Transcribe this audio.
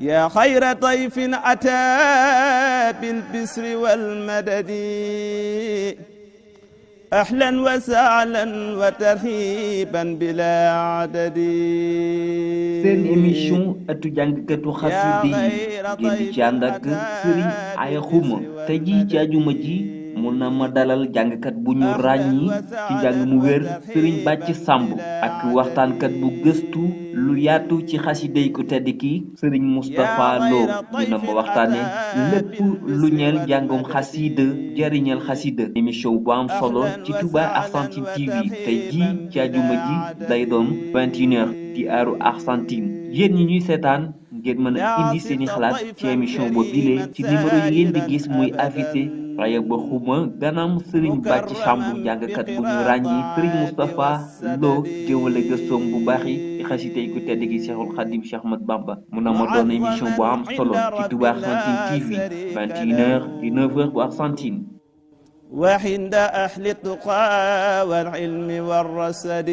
yaa xayra dayfin ataa bil bisri wal madadi ahlan wa sahlan wa tarhiban bilaa adadi seen émission ëttu jàngkatu xasida yi ngeen di ci ànd ak Sëriñ Ay Xuma te ji ci àjjuma ji mun na ma dalal jàngkat bu ñu ràññi ci njàng mu wér sëriñ bàcc sàmb ak waxtaankat bu gëstu lu yaatu ci xasiday ku tedd ki sëriñ Moustapha Lo ñu na ma waxtaane lépp lu ñeel njàngum xasida jariñal xasida émission bu am solo ci Touba Argentine TV tey ji ci àjuma ji lay doon 21h di aaru Argentine yéen ñi ñuy seetaan ngeen mën a indi seeni xalaat ci émission boobu bile ci numéro yi gis muy affiché raye ba xuma ganam sëriñ bàcci sàmbu jàngkat bu ñu ràññi sëriñ Moustapha Lo géwale gëstoom bu baax yi xasitey ku tedd gi Cheikhul Khadim Cheikh Ahmad Bamba mun na ma doon émission bu am solo ci Touba Argentine TV 21h 19h bu Argentine وعند أهل التقى والعلم والرسد